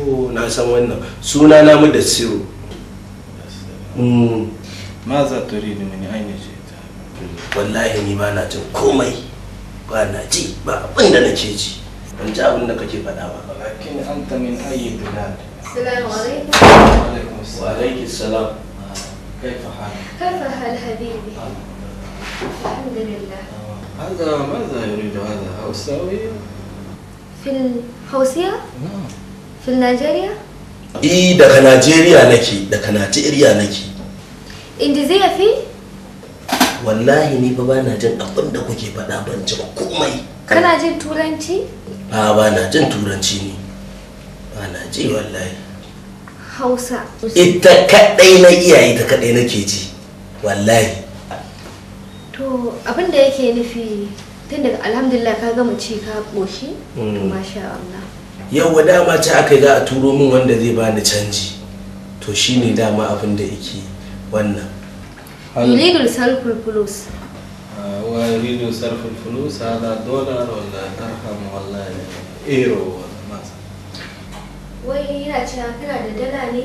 to na san wannan suna na mu da siru ma za ta ri da mini ainihin ce ta wallahi ni ba na jin komai ba na ji ba abin da nake ji ban ji abin da kake faɗa ba lakin anta min ayi bilad السلام عليكم wa السلام كيف حالك؟ كيف حال حبيبي؟ الحمد لله هذا ماذا يريد هذا؟ هوساوية؟ في الهوسية؟ نعم fil Najeriya? Eh daga Najeriya nake daga Najeriya nake. Inda zai fi? Wallahi ni fa na jin abin da kuke faɗa ban ji ba komai. Kana jin turanci? A na jin turanci ne. na ji wallahi. Hausa. Ita kadai na iya ita kadai nake ji. Wallahi. To abin da yake nufi tun daga alhamdulillah ka gama ci ka ƙoshi? Mm. Masha Allah. yau dama ce aka za a turo min wanda zai bani canji to shi ne dama abin da yake wannan illegal sulfur plus ويريد صرف الفلوس هذا دولار ولا درهم ولا ايرو ولا ماذا wai yana cewa kana da dala ne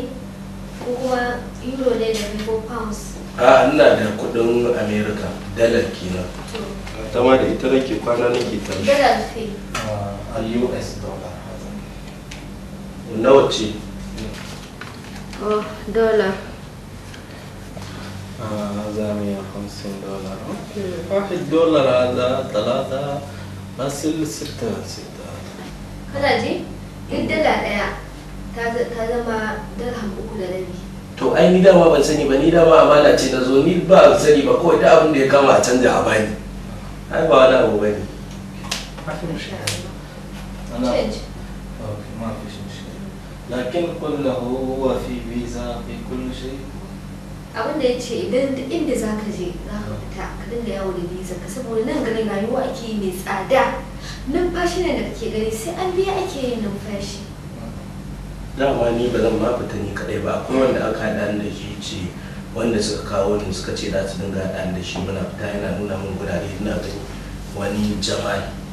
ko kuma euro ne da ko pounds a ina da kudin america dalar kenan ta ma da ita nake kwana nake tashi dalar fi a us dollar nawa ce oh dollar a za هذا 150 دولار واحد دولار هذا talata أصل ستة ستة kana ji duk dala daya ta zama dirham uku da rabi to ai ni dama ban sani ba ni dama amana ce na zo ni ba sani ba kawai da abin da ya kama a canja a bani ai ba wani abu bane اوكي ما فيش مشكله لكن قل له هو في فيزا في كل شيء abin da ya ce idan duk inda za ka je za ka fita ka dinga yawo da visa ka saboda nan ganin rayuwa ake yi mai tsada numfashi ne da kake gani sai an biya ake yin numfashi dama ni ba zan ma fita ni kadai ba akwai wanda aka haɗa da shi ce wanda suka kawo ni suka ce za su dinga haɗa da shi muna fita yana nuna min gurare ina gani wani jama'i